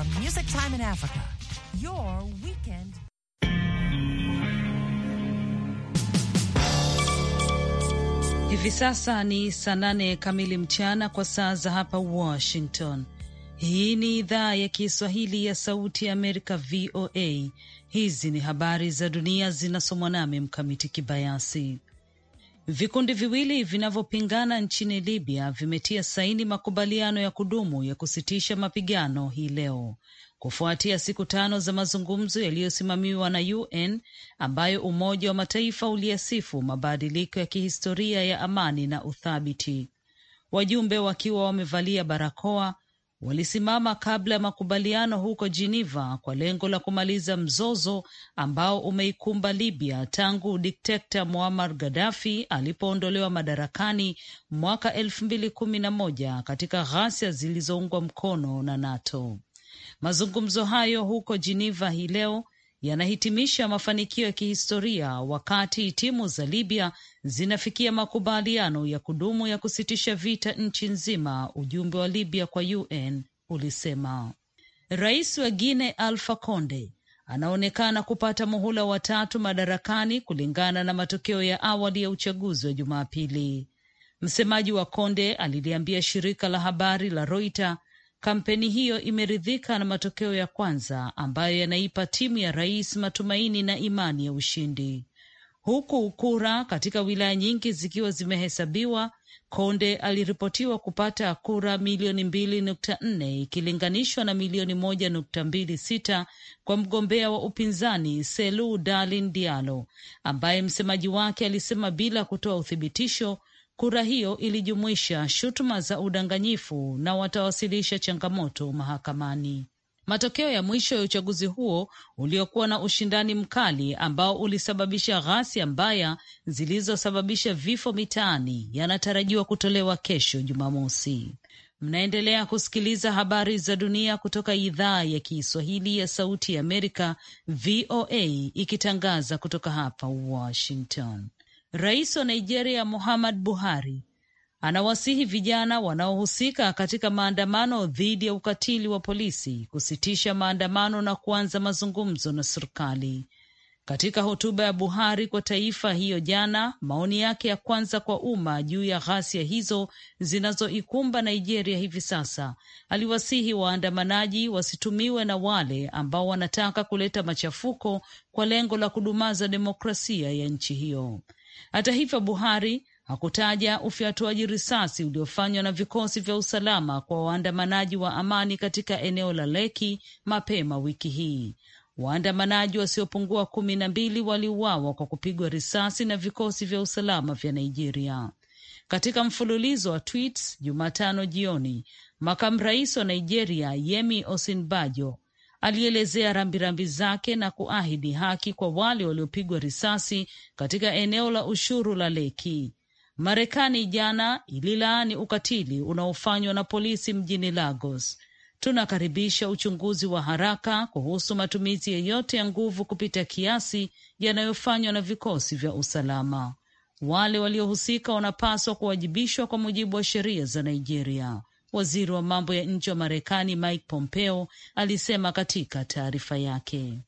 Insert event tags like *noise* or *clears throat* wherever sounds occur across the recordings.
from Music Time in Africa, your weekend. Hivi sasa ni saa nane kamili mchana kwa saa za hapa Washington. Hii ni idhaa ya Kiswahili ya Sauti ya Amerika, VOA. Hizi ni habari za dunia zinasomwa nami Mkamiti Kibayasi. Vikundi viwili vinavyopingana nchini Libya vimetia saini makubaliano ya kudumu ya kusitisha mapigano hii leo kufuatia siku tano za mazungumzo yaliyosimamiwa na UN ambayo Umoja wa Mataifa uliyasifu mabadiliko ya kihistoria ya amani na uthabiti, wajumbe wakiwa wamevalia barakoa walisimama kabla ya makubaliano huko Geneva kwa lengo la kumaliza mzozo ambao umeikumba Libya tangu dikteta Muammar Gaddafi alipoondolewa madarakani mwaka elfu mbili kumi na moja katika ghasia zilizoungwa mkono na NATO. Mazungumzo hayo huko Geneva hii leo yanahitimisha mafanikio ya kihistoria wakati timu za Libya zinafikia makubaliano ya kudumu ya kusitisha vita nchi nzima, ujumbe wa Libya kwa UN ulisema. Rais wa Guine alfa Conde anaonekana kupata muhula watatu madarakani kulingana na matokeo ya awali ya uchaguzi wa Jumapili. Msemaji wa Konde aliliambia shirika la habari la Reuters Kampeni hiyo imeridhika na matokeo ya kwanza ambayo yanaipa timu ya rais matumaini na imani ya ushindi, huku kura katika wilaya nyingi zikiwa zimehesabiwa. Konde aliripotiwa kupata kura milioni mbili nukta nne ikilinganishwa na milioni moja nukta mbili sita kwa mgombea wa upinzani Selu dalin Dialo, ambaye msemaji wake alisema bila kutoa uthibitisho Kura hiyo ilijumuisha shutuma za udanganyifu na watawasilisha changamoto mahakamani. Matokeo ya mwisho ya uchaguzi huo uliokuwa na ushindani mkali ambao ulisababisha ghasia mbaya zilizosababisha vifo mitaani yanatarajiwa kutolewa kesho Jumamosi. Mnaendelea kusikiliza habari za dunia kutoka idhaa ya Kiswahili ya Sauti ya Amerika, VOA, ikitangaza kutoka hapa Washington. Rais wa Nigeria Muhammad Buhari anawasihi vijana wanaohusika katika maandamano dhidi ya ukatili wa polisi kusitisha maandamano na kuanza mazungumzo na serikali. Katika hotuba ya Buhari kwa taifa hiyo jana, maoni yake ya kwanza kwa umma juu ya ghasia hizo zinazoikumba Nigeria hivi sasa, aliwasihi waandamanaji wasitumiwe na wale ambao wanataka kuleta machafuko kwa lengo la kudumaza demokrasia ya nchi hiyo. Hata hivyo, Buhari hakutaja ufyatuaji risasi uliofanywa na vikosi vya usalama kwa waandamanaji wa amani katika eneo la Leki mapema wiki hii. Waandamanaji wasiopungua kumi na mbili waliuawa kwa kupigwa risasi na vikosi vya usalama vya Nigeria. Katika mfululizo wa tweets Jumatano jioni, makamu rais wa Nigeria Yemi Osinbajo alielezea rambirambi zake na kuahidi haki kwa wale waliopigwa risasi katika eneo la ushuru la Leki. Marekani jana ililaani ukatili unaofanywa na polisi mjini Lagos. Tunakaribisha uchunguzi wa haraka kuhusu matumizi yeyote ya nguvu kupita kiasi yanayofanywa na vikosi vya usalama. Wale waliohusika wanapaswa kuwajibishwa kwa mujibu wa sheria za Nigeria waziri wa mambo ya nje wa Marekani Mike Pompeo alisema katika taarifa yake.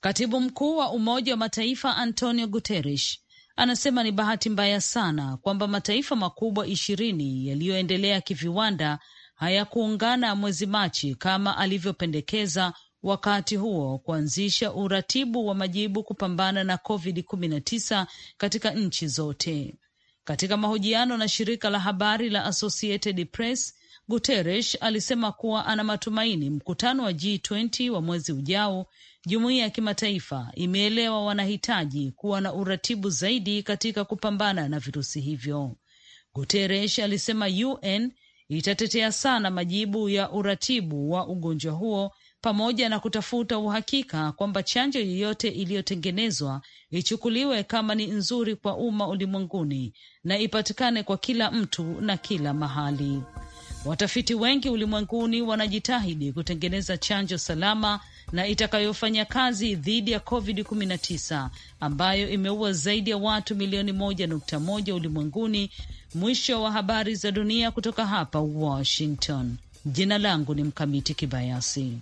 Katibu mkuu wa Umoja wa Mataifa Antonio Guterres anasema ni bahati mbaya sana kwamba mataifa makubwa ishirini yaliyoendelea kiviwanda hayakuungana mwezi Machi kama alivyopendekeza wakati huo kuanzisha uratibu wa majibu kupambana na COVID-19 katika nchi zote. Katika mahojiano na shirika la habari la Associated Press, Guterres alisema kuwa ana matumaini mkutano wa G20 wa mwezi ujao, jumuiya ya kimataifa imeelewa wanahitaji kuwa na uratibu zaidi katika kupambana na virusi hivyo. Guterres alisema UN itatetea sana majibu ya uratibu wa ugonjwa huo pamoja na kutafuta uhakika kwamba chanjo yoyote iliyotengenezwa ichukuliwe kama ni nzuri kwa umma ulimwenguni na ipatikane kwa kila mtu na kila mahali. Watafiti wengi ulimwenguni wanajitahidi kutengeneza chanjo salama na itakayofanya kazi dhidi ya COVID-19 ambayo imeua zaidi ya watu milioni 11 ulimwenguni. Mwisho wa habari za dunia kutoka hapa Washington. Jina langu ni Mkamiti Kibayasi.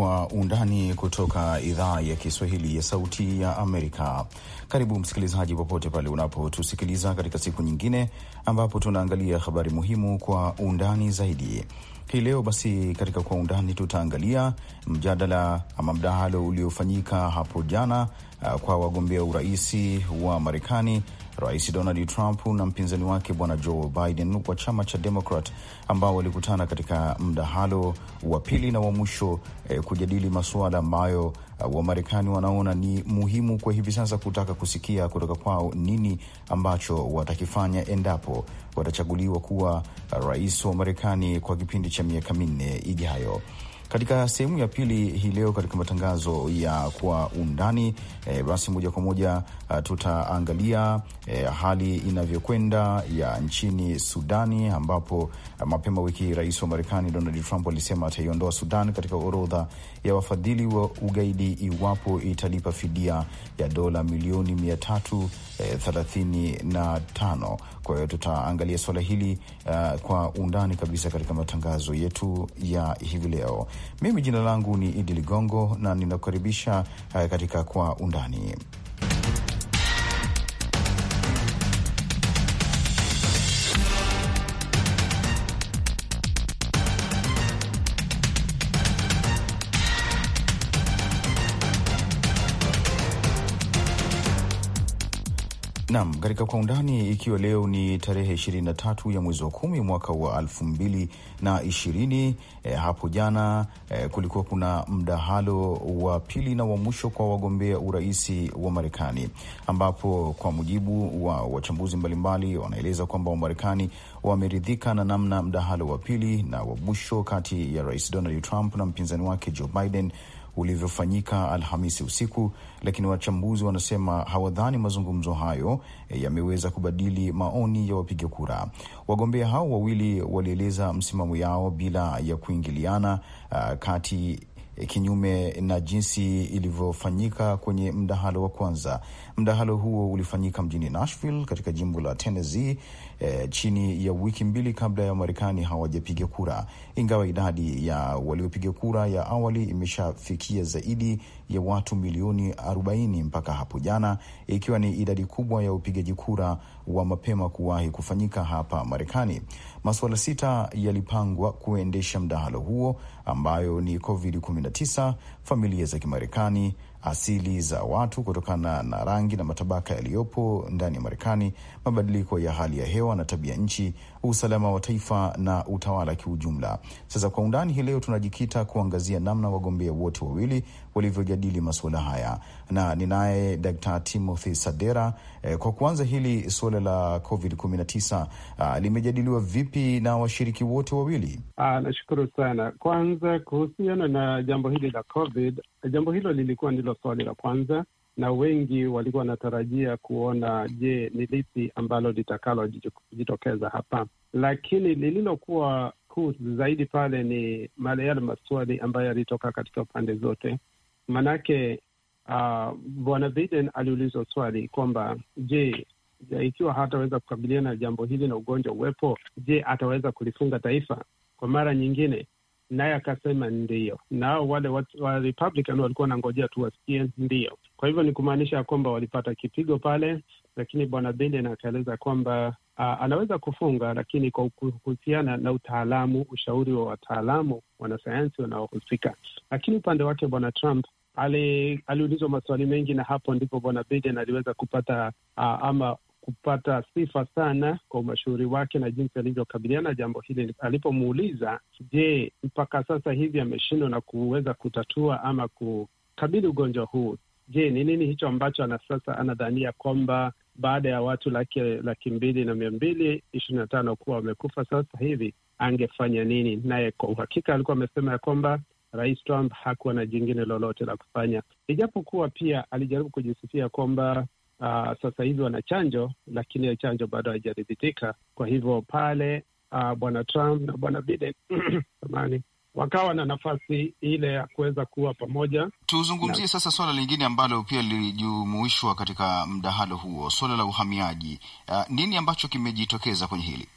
kwa undani kutoka idhaa ya Kiswahili ya Sauti ya Amerika. Karibu msikilizaji, popote pale unapotusikiliza katika siku nyingine ambapo tunaangalia habari muhimu kwa undani zaidi. Hii leo basi, katika kwa undani tutaangalia mjadala ama mdahalo uliofanyika hapo jana Uh, kwa wagombea uraisi wa Marekani, Rais Donald Trump na mpinzani wake Bwana Joe Biden wa chama cha Demokrat ambao walikutana katika mdahalo wa pili na wa mwisho eh, kujadili masuala ambayo uh, Wamarekani wanaona ni muhimu kwa hivi sasa kutaka kusikia kutoka kwao nini ambacho watakifanya endapo watachaguliwa kuwa uh, rais wa Marekani kwa kipindi cha miaka minne ijayo. Katika sehemu ya pili hii leo katika matangazo ya kwa undani e, basi moja kwa moja ah, tutaangalia e, hali inavyokwenda ya nchini Sudani ambapo ah, mapema wiki rais wa Marekani Donald Trump alisema ataiondoa Sudan katika orodha ya wafadhili wa ugaidi iwapo italipa fidia ya dola milioni mia tatu eh, thelathini na tano kwa hiyo tutaangalia suala hili uh, kwa undani kabisa katika matangazo yetu ya hivi leo. Mimi jina langu ni Idi Ligongo na ninakukaribisha uh, katika kwa undani nam katika kwa undani, ikiwa leo ni tarehe 23 ya mwezi wa kumi mwaka wa elfu mbili na ishirini. E, hapo jana e, kulikuwa kuna mdahalo wa pili na wa mwisho kwa wagombea uraisi wa Marekani, ambapo kwa mujibu wa wachambuzi mbalimbali wanaeleza kwamba Wamarekani wameridhika na namna mdahalo wa pili na wa mwisho kati ya Rais Donald Trump na mpinzani wake Joe Biden ulivyofanyika Alhamisi usiku, lakini wachambuzi wanasema hawadhani mazungumzo hayo yameweza kubadili maoni ya wapiga kura. Wagombea hao wawili walieleza msimamo yao bila ya kuingiliana uh, kati eh, kinyume na jinsi ilivyofanyika kwenye mdahalo wa kwanza. Mdahalo huo ulifanyika mjini Nashville katika jimbo la Tennessee e, chini ya wiki mbili kabla ya Marekani hawajapiga kura, ingawa idadi ya waliopiga kura ya awali imeshafikia zaidi ya watu milioni 40 mpaka hapo jana, ikiwa ni idadi kubwa ya upigaji kura wa mapema kuwahi kufanyika hapa Marekani. Masuala sita yalipangwa kuendesha mdahalo huo ambayo ni COVID-19, familia za Kimarekani asili za watu kutokana na rangi na matabaka yaliyopo ndani ya Marekani, mabadiliko ya hali ya hewa na tabia nchi, usalama wa taifa na utawala kiujumla. Sasa kwa undani hii leo tunajikita kuangazia namna wagombea wote wawili walivyojadili masuala haya na ninaye d Timothy Sadera. Eh, kwa kuanza hili suala la COVID-19 ah, limejadiliwa vipi na washiriki wote wawili? Ah, nashukuru sana. Kwanza kuhusiana na jambo hili la COVID, jambo hilo lilikuwa ndilo swali la kwanza na wengi walikuwa wanatarajia kuona, je, ni lipi ambalo litakalojitokeza hapa, lakini lililokuwa kuu zaidi pale ni male yale maswali ambayo yalitoka katika pande zote, maanake uh, bwana Biden aliulizwa swali kwamba je, ikiwa hataweza kukabiliana na jambo hili na ugonjwa uwepo, je, ataweza kulifunga taifa kwa mara nyingine? Naye akasema ndiyo, nao wale wa, wa Republican walikuwa wanangojea tu wasikie ndiyo. Kwa hivyo ni kumaanisha kwamba walipata kipigo pale, lakini bwana Biden akaeleza kwamba uh, anaweza kufunga, lakini kwa kuhusiana na utaalamu, ushauri wa wataalamu wanasayansi wanaohusika. Lakini upande wake bwana Trump aliulizwa maswali mengi, na hapo ndipo Bwana Biden aliweza kupata uh, ama kupata sifa sana kwa umashuhuri wake na jinsi alivyokabiliana jambo hili. Alipomuuliza, je, mpaka sasa hivi ameshindwa na kuweza kutatua ama kukabili ugonjwa huu, je, ni nini hicho ambacho ana sasa anadhania kwamba baada ya watu laki, laki mbili na mia mbili ishirini na tano kuwa wamekufa sasa hivi angefanya nini? Naye kwa uhakika alikuwa amesema ya kwamba Rais Trump hakuwa na jingine lolote la kufanya, ijapokuwa pia alijaribu kujisifia kwamba Uh, sasa hivi wana chanjo lakini hiyo chanjo bado haijaridhitika. Kwa hivyo pale, uh, bwana Trump na bwana Biden samani *clears throat* wakawa na nafasi ile ya kuweza kuwa pamoja. Tuzungumzie sasa suala lingine ambalo pia lilijumuishwa katika mdahalo huo, suala la uhamiaji. Uh, nini ambacho kimejitokeza kwenye hili?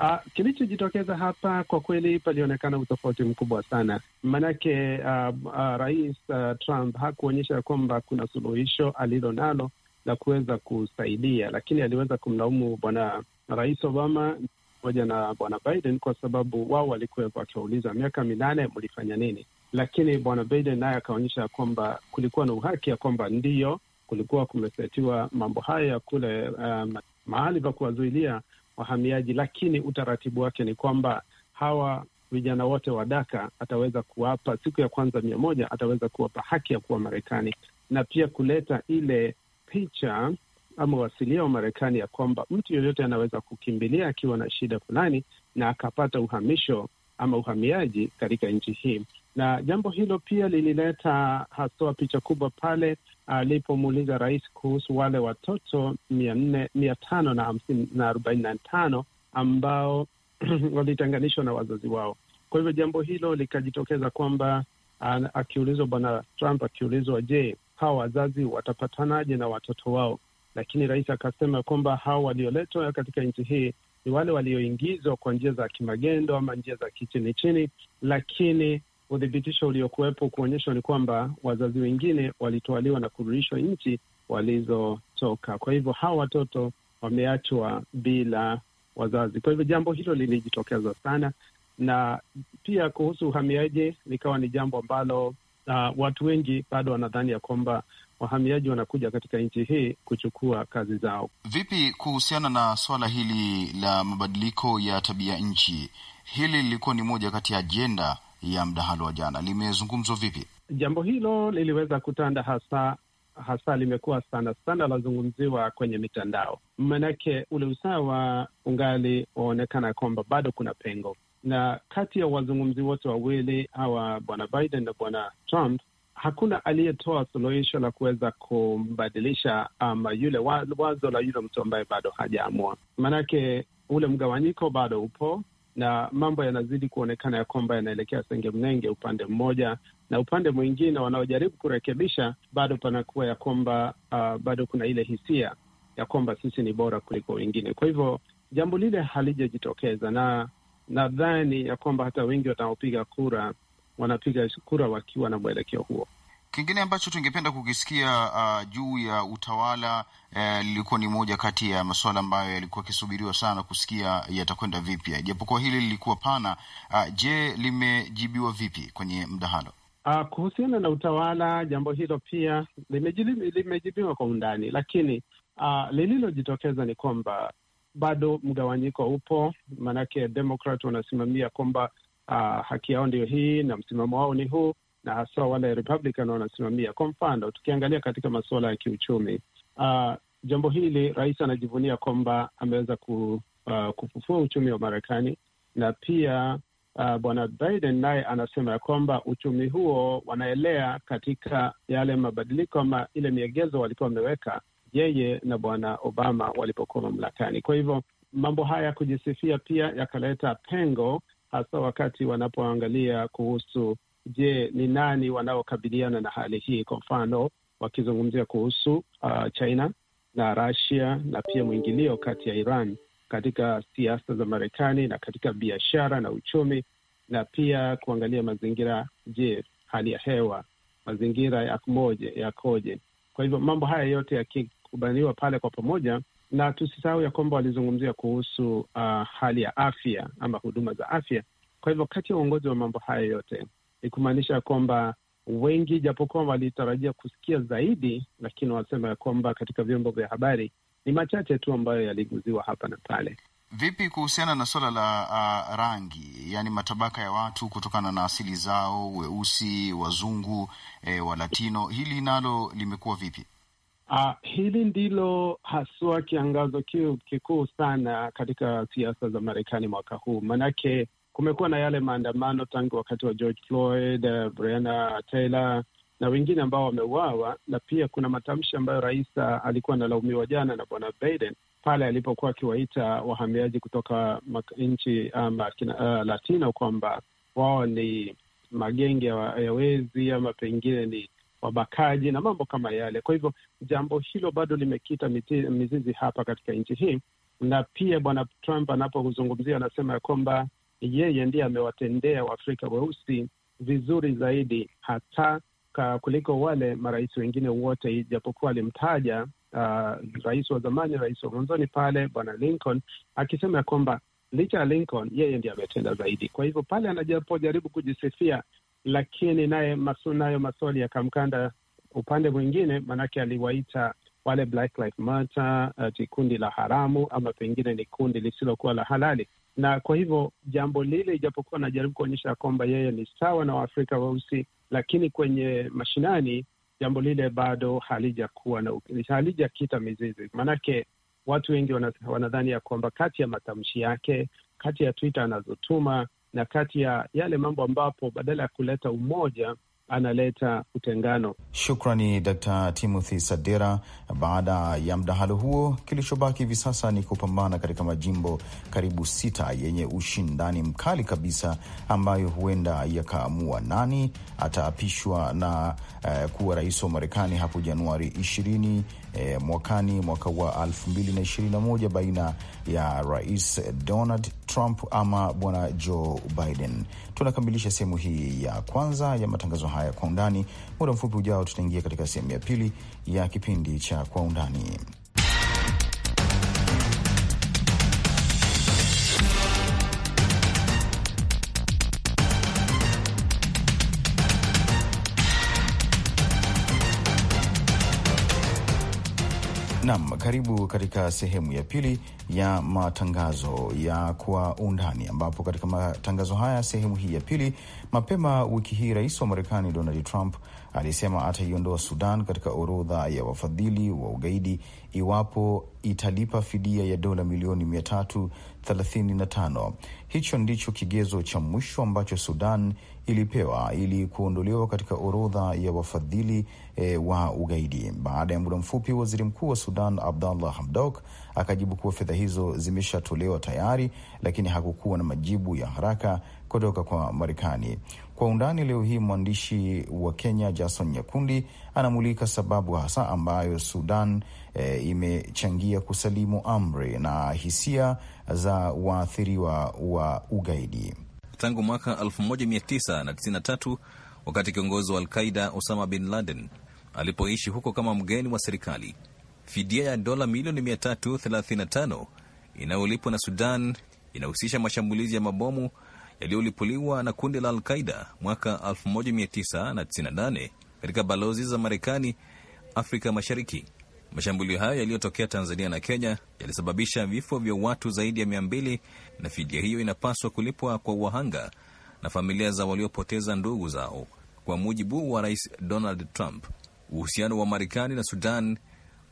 Uh, kilichojitokeza hapa kwa kweli palionekana utofauti mkubwa sana maanake, uh, ah, uh, ah, rais uh, Trump hakuonyesha kwamba kuna suluhisho alilo nalo la kuweza kusaidia, lakini aliweza kumlaumu bwana rais Obama pamoja na bwana Biden kwa sababu wao walikuwepo, wakiwauliza miaka minane mlifanya nini? Lakini bwana Biden naye akaonyesha kwamba kulikuwa na uhaki ya kwamba ndiyo kulikuwa kumesetiwa mambo haya kule, um, mahali pa kuwazuilia wahamiaji, lakini utaratibu wake ni kwamba hawa vijana wote wa Daka ataweza kuwapa siku ya kwanza mia moja ataweza kuwapa haki ya kuwa Marekani na pia kuleta ile picha ama wasilia wa Marekani ya kwamba mtu yoyote anaweza kukimbilia akiwa na shida fulani na akapata uhamisho ama uhamiaji katika nchi hii. Na jambo hilo pia lilileta haswa picha kubwa pale alipomuuliza rais kuhusu wale watoto mia nne mia tano na hamsini na arobaini na tano ambao *clears throat* walitenganishwa na wazazi wao. Kwa hivyo jambo hilo likajitokeza kwamba ah, akiulizwa, bwana Trump akiulizwa, je, hawa wazazi watapatanaje na watoto wao? Lakini rais akasema kwamba hawa walioletwa katika nchi hii ni wale walioingizwa kwa njia za kimagendo ama njia za kichini chini, lakini uthibitisho uliokuwepo kuonyeshwa ni kwamba wazazi wengine walitwaliwa na kurudishwa nchi walizotoka. Kwa hivyo hawa watoto wameachwa bila wazazi. Kwa hivyo jambo hilo lilijitokeza sana, na pia kuhusu uhamiaji likawa ni jambo ambalo uh, watu wengi bado wanadhani ya kwamba wahamiaji wanakuja katika nchi hii kuchukua kazi zao. Vipi kuhusiana na swala hili la mabadiliko ya tabia nchi? Hili lilikuwa ni moja kati ya ajenda ya mdahalo wa jana limezungumzwa vipi? Jambo hilo liliweza kutanda hasa hasa limekuwa sana sana lazungumziwa kwenye mitandao, maanake ule usawa ungali waonekana kwamba bado kuna pengo, na kati ya wazungumzi wote wawili hawa, bwana Biden na bwana Trump, hakuna aliyetoa suluhisho la kuweza kumbadilisha ama yule wazo la yule mtu ambaye bado hajaamua, maanake ule mgawanyiko bado upo na mambo yanazidi kuonekana ya kwamba yanaelekea senge mnenge upande mmoja na upande mwingine, wanaojaribu kurekebisha bado panakuwa ya kwamba uh, bado kuna ile hisia ya kwamba sisi ni bora kuliko wengine. Kwa hivyo jambo lile halijajitokeza, na nadhani ya kwamba hata wengi wanaopiga kura wanapiga kura wakiwa na mwelekeo huo. Kingine ambacho tungependa kukisikia uh, juu ya utawala lilikuwa uh, ni moja kati ya masuala ambayo yalikuwa akisubiriwa sana kusikia yatakwenda vipi, japokuwa hili lilikuwa pana. Uh, je, limejibiwa vipi kwenye mdahalo? Uh, kuhusiana na utawala, jambo hilo pia limejibiwa kwa undani, lakini uh, lililojitokeza ni kwamba bado mgawanyiko upo, maanake Demokrat wanasimamia kwamba uh, haki yao ndio hii na msimamo wao ni huu na haswa wale Republican wanasimamia. Kwa mfano, tukiangalia katika masuala ya kiuchumi, uh, jambo hili rais anajivunia kwamba ameweza ku, uh, kufufua uchumi wa Marekani na pia uh, bwana Biden naye anasema ya kwamba uchumi huo wanaelea katika yale mabadiliko ama ile miegezo walikuwa wameweka yeye na bwana Obama walipokuwa mamlakani. Kwa hivyo mambo haya ya kujisifia pia yakaleta pengo, hasa wakati wanapoangalia kuhusu je, ni nani wanaokabiliana na hali hii? Kwa mfano wakizungumzia kuhusu uh, China na Russia na pia mwingilio kati ya Iran katika siasa za Marekani na katika biashara na uchumi, na pia kuangalia mazingira. Je, hali ya hewa, mazingira ya yakoje? Kwa hivyo mambo haya yote yakikubaliwa pale kwa pamoja, na tusisahau ya kwamba walizungumzia kuhusu uh, hali ya afya ama huduma za afya. Kwa hivyo kati ya uongozi wa mambo haya yote ni kumaanisha kwamba wengi, japokuwa walitarajia kusikia zaidi, lakini wanasema ya kwamba katika vyombo vya habari ni machache tu ambayo yaliguziwa hapa na pale. Vipi kuhusiana na suala la uh, rangi, yaani matabaka ya watu kutokana na asili zao, weusi, wazungu, eh, wa Latino, hili nalo limekuwa vipi? Uh, hili ndilo haswa kiangazo kikuu sana katika siasa za Marekani mwaka huu, maanake kumekuwa na yale maandamano tangu wakati wa George Floyd, uh, Breonna Taylor na wengine ambao wameuawa, na pia kuna matamshi ambayo rais ah, alikuwa analaumiwa jana na bwana Biden pale alipokuwa akiwaita wahamiaji kutoka nchi um, uh, Latino kwamba wao ni magenge ya wezi ama pengine ni wabakaji na mambo kama yale. Kwa hivyo jambo hilo bado limekita mizizi hapa katika nchi hii, na pia bwana Trump anapozungumzia anasema ya kwamba yeye ndiye amewatendea Waafrika weusi vizuri zaidi hata kuliko wale marais wengine wote, ijapokuwa alimtaja uh, rais wa zamani, rais wa mwanzoni pale bwana Lincoln, akisema ya kwamba licha ya Lincoln yeye ndiye ametenda zaidi. Kwa hivyo pale anajapojaribu kujisifia, lakini naye masu, nayo maswali yakamkanda upande mwingine, maanake aliwaita wale Black Lives Matter uh, kundi la haramu ama pengine ni kundi lisilokuwa la halali na kwa hivyo jambo lile, ijapokuwa anajaribu kuonyesha kwamba yeye ni sawa na Waafrika weusi, lakini kwenye mashinani jambo lile bado halijakuwa na halijakita mizizi, maanake watu wengi wanadhani ya kwamba kati ya matamshi yake, kati ya Twitter anazotuma na kati ya yale mambo ambapo badala ya kuleta umoja analeta utengano. Shukrani Dkt. Timothy Sadera. Baada ya mdahalo huo, kilichobaki hivi sasa ni kupambana katika majimbo karibu sita yenye ushindani mkali kabisa, ambayo huenda yakaamua nani ataapishwa na uh, kuwa rais wa Marekani hapo Januari ishirini e, mwakani mwaka wa 2021 baina ya Rais Donald Trump ama Bwana Joe Biden. Tunakamilisha sehemu hii ya kwanza ya matangazo haya kwa undani. Muda mfupi ujao, tutaingia katika sehemu ya pili ya kipindi cha kwa undani. Nam, karibu katika sehemu ya pili ya matangazo ya kwa undani, ambapo katika matangazo haya, sehemu hii ya pili, mapema wiki hii, rais wa Marekani Donald Trump alisema ataiondoa Sudan katika orodha ya wafadhili wa ugaidi iwapo italipa fidia ya dola milioni 335. Hicho ndicho kigezo cha mwisho ambacho Sudan ilipewa ili kuondolewa katika orodha ya wafadhili e, wa ugaidi. Baada ya muda mfupi, waziri mkuu wa Sudan Abdallah Hamdok akajibu kuwa fedha hizo zimeshatolewa tayari, lakini hakukuwa na majibu ya haraka kutoka kwa Marekani. Kwa undani leo hii, mwandishi wa Kenya Jason Nyakundi anamulika sababu hasa ambayo Sudan e, imechangia kusalimu amri na hisia za waathiriwa wa ugaidi tangu mwaka 1993 wakati kiongozi wa Alqaida Osama bin Laden alipoishi huko kama mgeni wa serikali. Fidia ya dola milioni 335 inayolipwa na Sudan inahusisha mashambulizi ya mabomu yaliyolipuliwa na kundi la Alqaida mwaka 1998 katika balozi za Marekani Afrika Mashariki. Mashambulio hayo yaliyotokea Tanzania na Kenya yalisababisha vifo vya watu zaidi ya mia mbili na fidia hiyo inapaswa kulipwa kwa wahanga na familia za waliopoteza ndugu zao, kwa mujibu wa Rais Donald Trump. Uhusiano wa Marekani na Sudan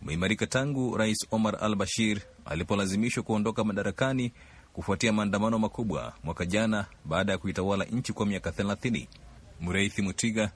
umeimarika tangu Rais Omar al Bashir alipolazimishwa kuondoka madarakani kufuatia maandamano makubwa mwaka jana baada ya kuitawala nchi kwa miaka thelathini. Mreithi Mutiga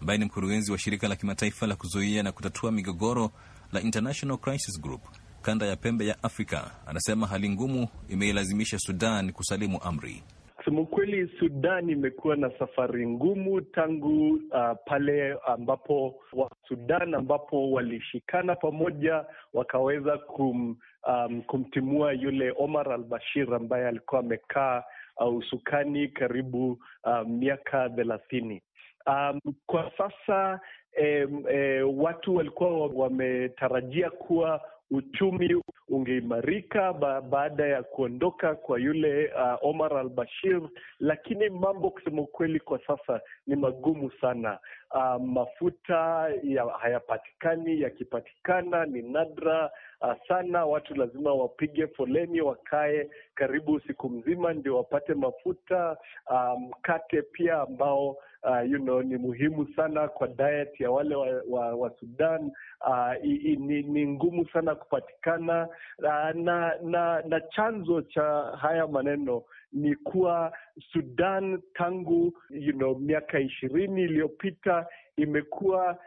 ambaye ni mkurugenzi wa shirika la kimataifa la kuzuia na kutatua migogoro la International Crisis Group kanda ya pembe ya Afrika anasema hali ngumu imeilazimisha Sudan kusalimu amri. sema ukweli, Sudan imekuwa na safari ngumu tangu uh, pale ambapo wa Sudan ambapo walishikana pamoja wakaweza kum, um, kumtimua yule Omar al-Bashir ambaye alikuwa amekaa uh, usukani karibu uh, miaka um, thelathini. Um, kwa sasa e, e, watu walikuwa wametarajia kuwa uchumi ungeimarika ba, baada ya kuondoka kwa yule uh, Omar al-Bashir, lakini mambo kusema ukweli kwa sasa ni magumu sana uh, mafuta ya, hayapatikani, yakipatikana ni nadra uh, sana. Watu lazima wapige foleni, wakae karibu siku mzima ndio wapate mafuta. Ah, mkate um, pia ambao uh, you know, ni muhimu sana kwa diet ya wale wa, wa, wa Sudan uh, i, i, ni, ni ngumu sana kupatikana uh, na, na na chanzo cha haya maneno ni kuwa Sudan tangu you know, miaka ishirini iliyopita imekuwa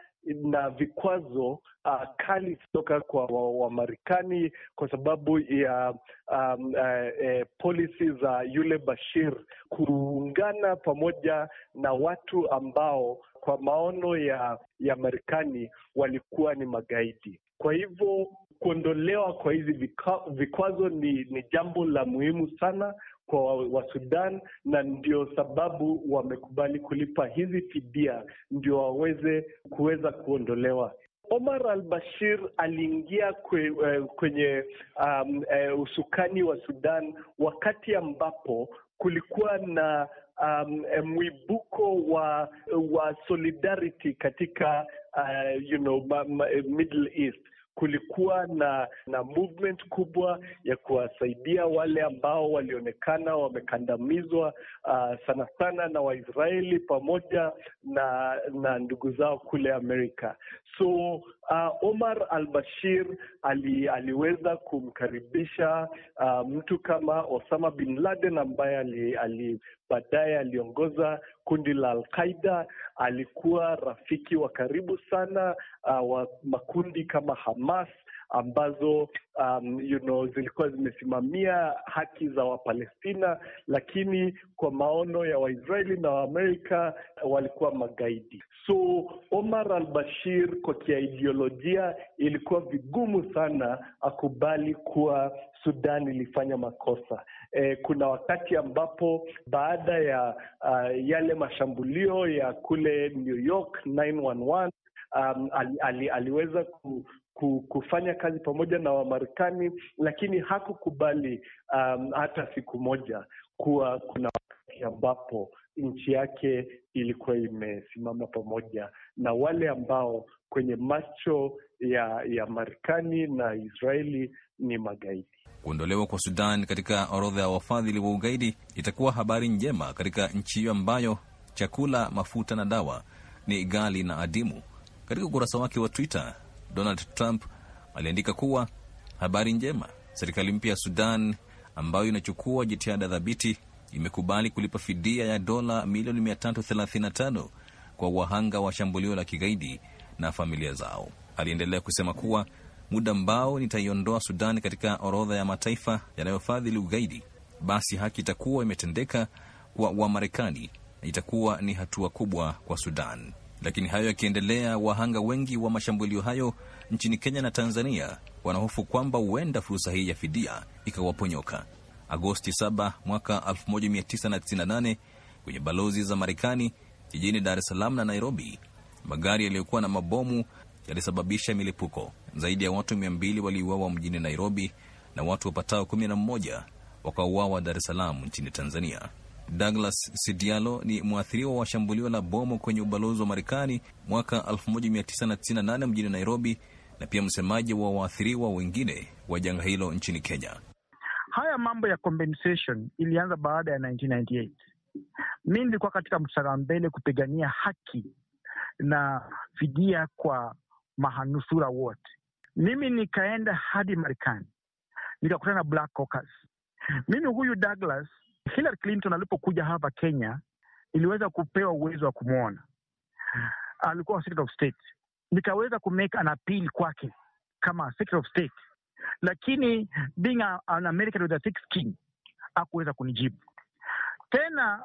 na vikwazo uh, kali kutoka kwa Wamarekani wa kwa sababu ya um, uh, eh, polisi za yule Bashir kuungana pamoja na watu ambao kwa maono ya ya Marekani walikuwa ni magaidi. Kwa hivyo kuondolewa kwa hizi vikwazo ni, ni jambo la muhimu sana kwa Wasudan na ndio sababu wamekubali kulipa hizi fidia ndio waweze kuweza kuondolewa. Omar al-Bashir aliingia kwe, eh, kwenye um, uh, usukani wa Sudan wakati ambapo kulikuwa na um, eh, mwibuko wa wa solidarity katika uh, you know, Middle East kulikuwa na na movement kubwa ya kuwasaidia wale ambao walionekana wamekandamizwa uh, sana sana na Waisraeli pamoja na na ndugu zao kule Amerika. So uh, Omar al-Bashir ali, aliweza kumkaribisha uh, mtu kama Osama bin Laden ambaye ali, ali baadaye aliongoza kundi la Al-Qaida. Alikuwa rafiki wa karibu sana uh, wa makundi kama Hamas Hamas ambazo um, you know, zilikuwa zimesimamia haki za Wapalestina, lakini kwa maono ya Waisraeli na Waamerika walikuwa magaidi. So Omar al-Bashir kwa kiaidiolojia ilikuwa vigumu sana akubali kuwa Sudan ilifanya makosa. E, kuna wakati ambapo baada ya uh, yale mashambulio ya kule New York 911 um, ali, ali, aliweza ku, ku, kufanya kazi pamoja na Wamarekani, lakini hakukubali um, hata siku moja kuwa kuna wakati ambapo nchi yake ilikuwa imesimama pamoja na wale ambao kwenye macho ya, ya Marekani na Israeli ni magaidi. Kuondolewa kwa Sudan katika orodha ya wafadhili wa ugaidi itakuwa habari njema katika nchi hiyo ambayo chakula, mafuta na dawa ni ghali na adimu. Katika ukurasa wake wa Twitter, Donald Trump aliandika kuwa habari njema, serikali mpya ya Sudan ambayo inachukua jitihada thabiti imekubali kulipa fidia ya dola milioni 335 kwa wahanga wa shambulio la kigaidi na familia zao. Aliendelea kusema kuwa muda ambao nitaiondoa Sudan katika orodha ya mataifa yanayofadhili ugaidi, basi haki itakuwa imetendeka kwa Wamarekani na itakuwa ni hatua kubwa kwa Sudan. Lakini hayo yakiendelea, wahanga wengi wa mashambulio hayo nchini Kenya na Tanzania wanahofu kwamba huenda fursa hii ya fidia ikawaponyoka. Agosti 7 mwaka 1998 kwenye balozi za Marekani jijini Dar es Salaam na Nairobi, magari yaliyokuwa na mabomu yalisababisha milipuko. Zaidi ya watu 200 waliuawa mjini Nairobi na watu wapatao 11 wakauawa Dar es Salaam nchini Tanzania. Douglas Sidialo ni mwathiriwa wa shambulio la bomu kwenye ubalozi wa Marekani mwaka 1998 mjini Nairobi, na pia msemaji wa waathiriwa wengine wa janga hilo nchini Kenya. Haya mambo ya compensation ilianza baada ya 1998. Mi nilikuwa katika mstara wa mbele kupigania haki na fidia kwa mahanusura wote. Mimi nikaenda hadi Marekani nikakutana na Black Caucus. Mimi huyu Douglas Hillary Clinton alipokuja hapa Kenya iliweza kupewa uwezo wa kumwona, alikuwa secretary of state, nikaweza kumake an appeal kwake kama secretary of state, lakini being a, an American with a thick skin hakuweza kunijibu tena.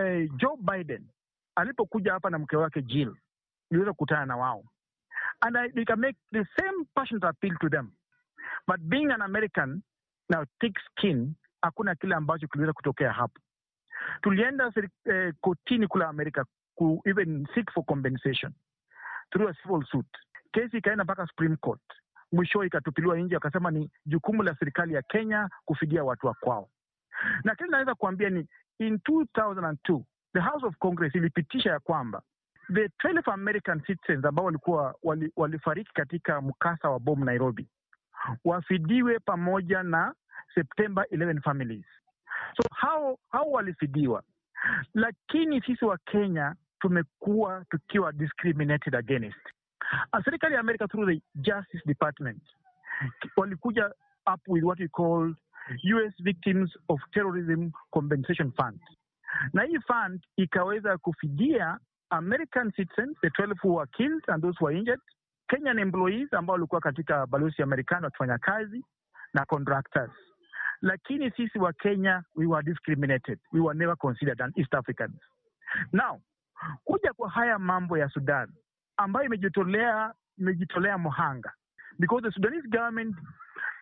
Eh, Joe Biden alipokuja hapa na mke wake Jill, niliweza kukutana na wao and I can make the same passionate appeal to them but being an American na thick skin hakuna kile ambacho kiliweza kutokea hapo. Tulienda eh, kotini kule Amerika ku even seek for compensation through a civil suit. Kesi ikaenda mpaka Supreme Court, mwisho ikatupiliwa nje, wakasema ni jukumu la serikali ya Kenya kufidia watu wa kwao. Na kile naweza kuambia ni in 2002 the House of Congress ilipitisha ya kwamba the 12 American citizens ambao walikuwa wali, walifariki katika mkasa wa bomu Nairobi wafidiwe pamoja na September 11 families. So hao hao walifidiwa, lakini sisi wa Kenya tumekuwa tukiwa discriminated against. Serikali ya Amerika through the Justice Department walikuja up with what we call US Victims of Terrorism Compensation Fund, na hii fund ikaweza kufidia American citizens the 12 who were killed and those who were injured, Kenyan employees ambao walikuwa katika balozi ya Marekani wakifanya kazi na contractors lakini sisi wa Kenya we were discriminated, we were never considered an East Africans. Now kuja kwa haya mambo ya Sudan ambayo imejitolea imejitolea muhanga because the Sudanese government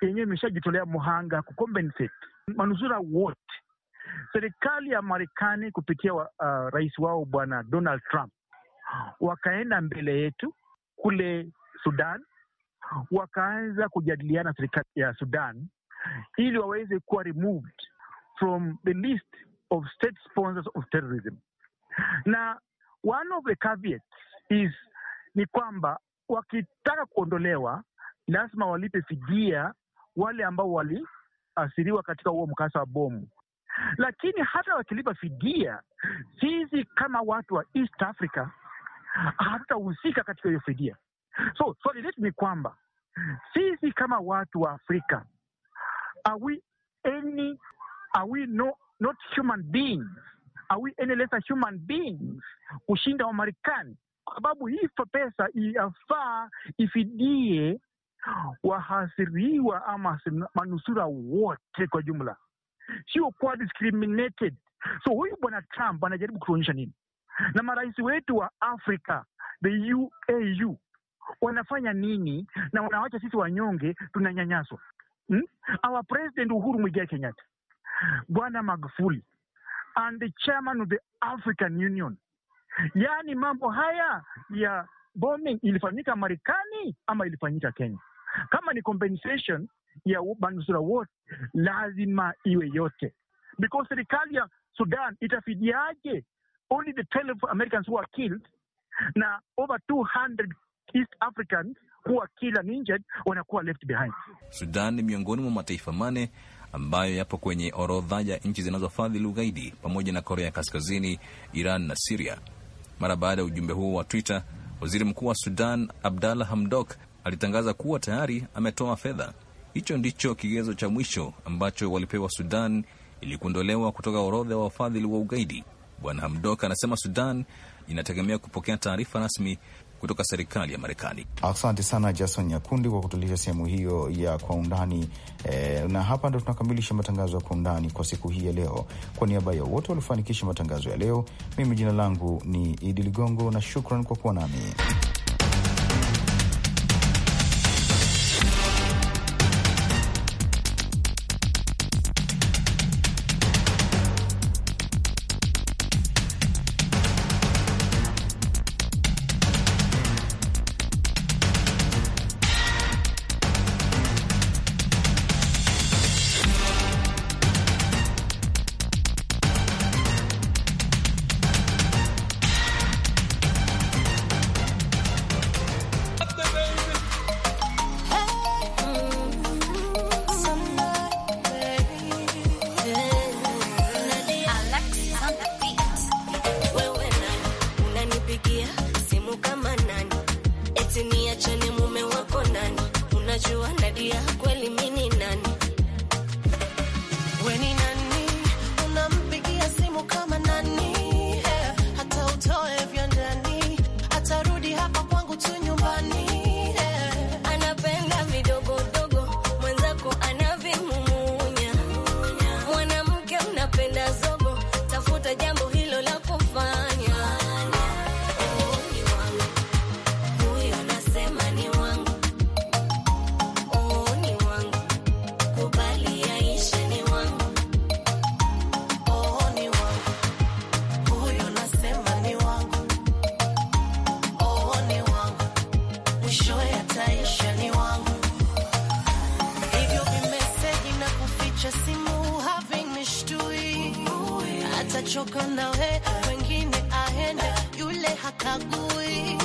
yenyewe imeshajitolea muhanga kucompensate manusura wote. Serikali ya Marekani kupitia wa, uh, rais wao bwana Donald Trump wakaenda mbele yetu kule Sudan wakaanza kujadiliana serikali ya Sudan ili waweze kuwa removed from the list of state sponsors of terrorism. Na one of the caveats is ni kwamba wakitaka kuondolewa lazima walipe fidia wale ambao waliathiriwa katika huo mkasa wa bomu. Lakini hata wakilipa fidia, sisi kama watu wa East Africa hatutahusika katika hiyo fidia. *laughs* So swali letu ni kwamba sisi kama watu wa Afrika are we any, are we no, not human beings? Are we any lesser human beings kushinda Wamarekani? Kwa sababu hii pesa yafaa ifidie wahasiriwa ama manusura wote kwa jumla, sio kuwa discriminated. So huyu bwana Trump anajaribu kutuonyesha nini? Na marais wetu wa Afrika the UAU wanafanya nini na wanawacha sisi wanyonge tunanyanyaswa. Hmm? Our president Uhuru Muigai Kenyatta, Bwana Magufuli and the chairman of the African Union. Yaani mambo haya ya bombing ilifanyika Marekani ama ilifanyika Kenya? Kama ni compensation ya manusura wote, lazima iwe yote, because serikali ya Sudan itafidiaje only the 12 Americans who are killed na over 200 East African kuwa wanakuwa left behind. Sudan ni miongoni mwa mataifa mane ambayo yapo kwenye orodha ya nchi zinazofadhili ugaidi pamoja na Korea Kaskazini, Iran na Siria. Mara baada ya ujumbe huo wa Twitter, waziri mkuu wa Sudan Abdalla Hamdok alitangaza kuwa tayari ametoa fedha. Hicho ndicho kigezo cha mwisho ambacho walipewa Sudan ili kuondolewa kutoka orodha ya wafadhili wa ugaidi. Bwana Hamdok anasema Sudan inategemea kupokea taarifa rasmi kutoka serikali ya Marekani. Asante sana Jason Nyakundi kwa kutulisha sehemu hiyo ya kwa undani E, na hapa ndo tunakamilisha matangazo ya kwa undani kwa siku hii ya leo. Kwa niaba ya wote waliofanikisha matangazo ya leo, mimi jina langu ni Idi Ligongo na shukran kwa kuwa nami. amechoka nawe, wengine aende, yule hakagui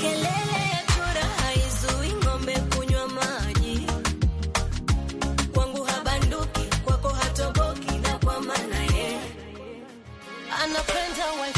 kelele ya chura haizui ng'ombe kunywa maji. Kwangu habanduki, kwako hatoboki, na kwa maana ye anapenda